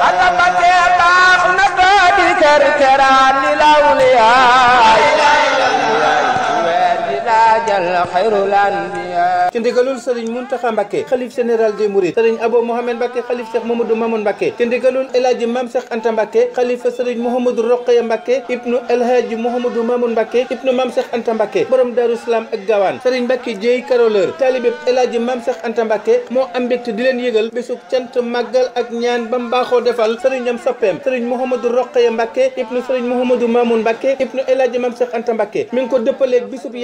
xasamate baax na too di kër këraan li law liyaay dunya ci ndigalul sëriñ Muntaxa Mbàkke xalif général des Mourides sëriñ Abo Mohamed Mbàkke xalif Cheikh Mamadou Mamoun Mbàkke ci ndigalul El Anta Mbàkke xalifa sëriñ Mouhamadou Rokhaya Anta Mbàkke borom Daaru ak Gaawaan sëriñ Mbàkke Jéey Karoleur taalibe El Hadji Mame Anta Mbàkke moo am mbégte di leen yëgal bésub cant màggal ak ñaan ba mbaaxoo defal sëriñam soppeem sëriñ Mouhamadou Rokhaya Mbàkke ibnu sëriñ Mouhamadou Mamoun Mbàkke ibnu El Hadji Mame Anta Mbàkke mi ko dëppaleeg bésub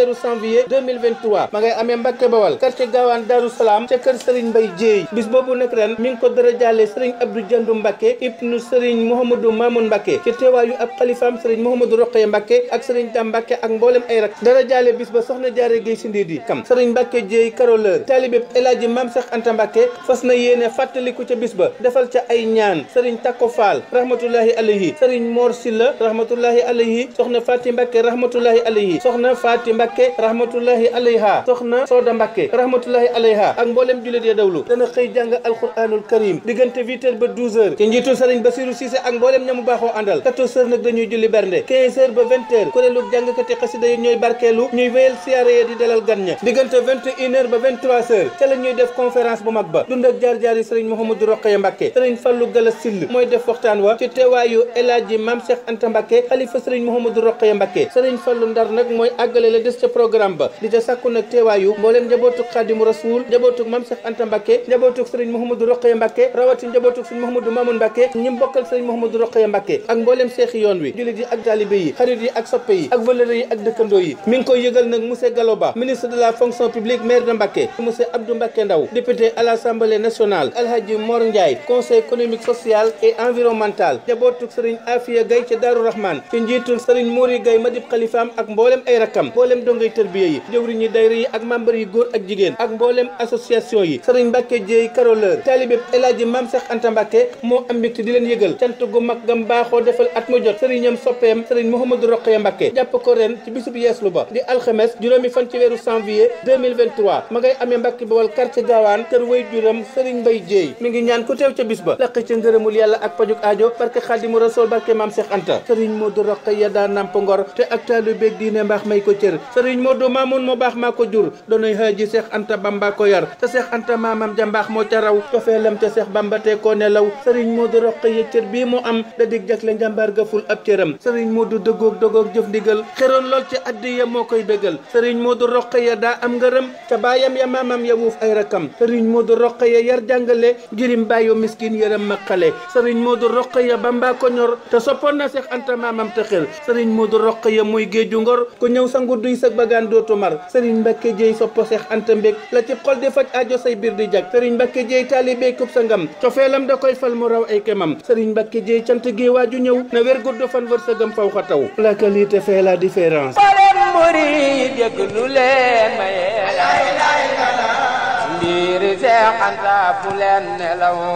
a weeru janvier 2023 ma ngay amee Mbacke Bawal quartier Gawane Darou Salaam ca kër Serigne Mbaye Dieye bis boobu nag ren mi ngi ko dara jàllee Serigne Abdou Diandou Mbacke ibnu Serigne Mouhamadou Mamoun Mbacke ci teewaayu ab xalifaam Serigne Mouhamadou Roqeye Mbacke ak Serigne Dame Mbacke ak mboolem ay rak dara jàllee bis ba soxna jaare Gueye si ndiit yi kam Serigne Mbacke Dieye karoleur taalibe El Hadji Mame Cheikh Anta Mbacke fas na yéene fàttaliku ca bis ba defal ca ay ñaan Serigne Tako Fall rahmatullahi alayhi Serigne Mor Silla rahmatullahi alayhi soxna Fatim Mbacke rahmatullahi alayhi soxna Fatim Mbacke Mbacke rahmatullahi alayha soxna Sooda Mbacke rahmatullahi alayha ak mboolem jullit ya dawlu dana xëy jàng alquranul karim diggante 8 ba 12h ci njiitul Serigne Bassirou Cissé ak mboolem ñamu baaxoo àndal 14h nag dañuy julli bernde 15 ba 20h jàngkati xasida yi ñooy barkeelu ñuy wéyal siyaare ya di dalal gan ña diggante 21 ba 23 ca la def conférence bu mag ba dund jaar-jaar yi Serigne Mouhamadou Rokhaya Mbacke Serigne Fallou Gala ca programme ba di ca sàkku nag teewaayu mbooleem njabootuk xaadimu rasuul njabootuk mam Cheikh Anta Mbacke njabootuk sëriñ Mouhamadou Rokhaya Mbacke rawati njabootuk sëriñ Mouhamadou Mamoun ñi mbokkal sëriñ Mouhamadou Rokhaya Mbacke ak mbooleem seexi yoon wi jullit yi ak taalibe yi xarit yi ak soppe yi ak valeur yi ak dëkkandoo yi mi ngi koy yëgal nag monsieur Gallo Ba ministre de la fonction publique maire de Mbacke monsieur Abdou Mbacke Ndaw député à l'Assemblée nationale Alhaji Mor Ndiaye conseil économique social et environnemental ay rakkam mbooleem dongay tërbiya yi jëwriñ ñi dayra yi ak membre yi góor ak jigéen ak mbooleem association yi sëriñ Mbàkke Jéey karoleur taalibe El Hadji Maam Anta Mbàkke moo am mbégte di leen yëgal cant gu mag gam baaxoo defal at mu jot sëriñam soppeem sëriñ Mouhamadou Rokhaya Mbàkke jàpp ko ren ci bisub yeeslu ba di alxames juróomi fan ci weeru janvier 2023 ngi ñaan ku teew ca bis ba laq ca ngërëmul yàlla ak pajuk aajo barke Xaadimu Rasuul barke Maam Seex Anta sëriñ sëriñ Modou Mamoun mu baax maa ko jur doonay haaji Seex Anta Bamba ko yar te Seex Anta maamam ja mbaax moo ca raw cofeelam te Seex Bamba te ko nelaw sëriñ Modou roq yi cër bii mu am da dig jagle njàmbaar ga ful ab cëram sëriñ Modou dëggoog dëggoog jëf ndigal xeroon lool ci addiya moo koy dëggal sëriñ Modou roq ya daa am ngërëm ca baayam ya maamam ya wuuf ay rakam sëriñ Modou roq ya yar jàngale jirim bàyyu miskin yërëm ma xale sëriñ Modou roq ya Bamba ko na Seex Anta maamam te xel sëriñ Modou roq ya muy géeju ngor ku ñëw sangu ak bagaan dootu mar sëriñ Mbacke Dieye soppo seex anta mbég la ci xol di faj ajo say biir di jag sëriñ Mbacke Dieye taalibey kub sa ngam cofeelam da koy fal mu raw ay kemam sëriñ Mbacke Dieye cant gi waaju ñëw na wér gudd fan wërsëgam faw xa taw la qualité fait la différence murid yëg lu leen maye mbir seex anta bu leen nelaw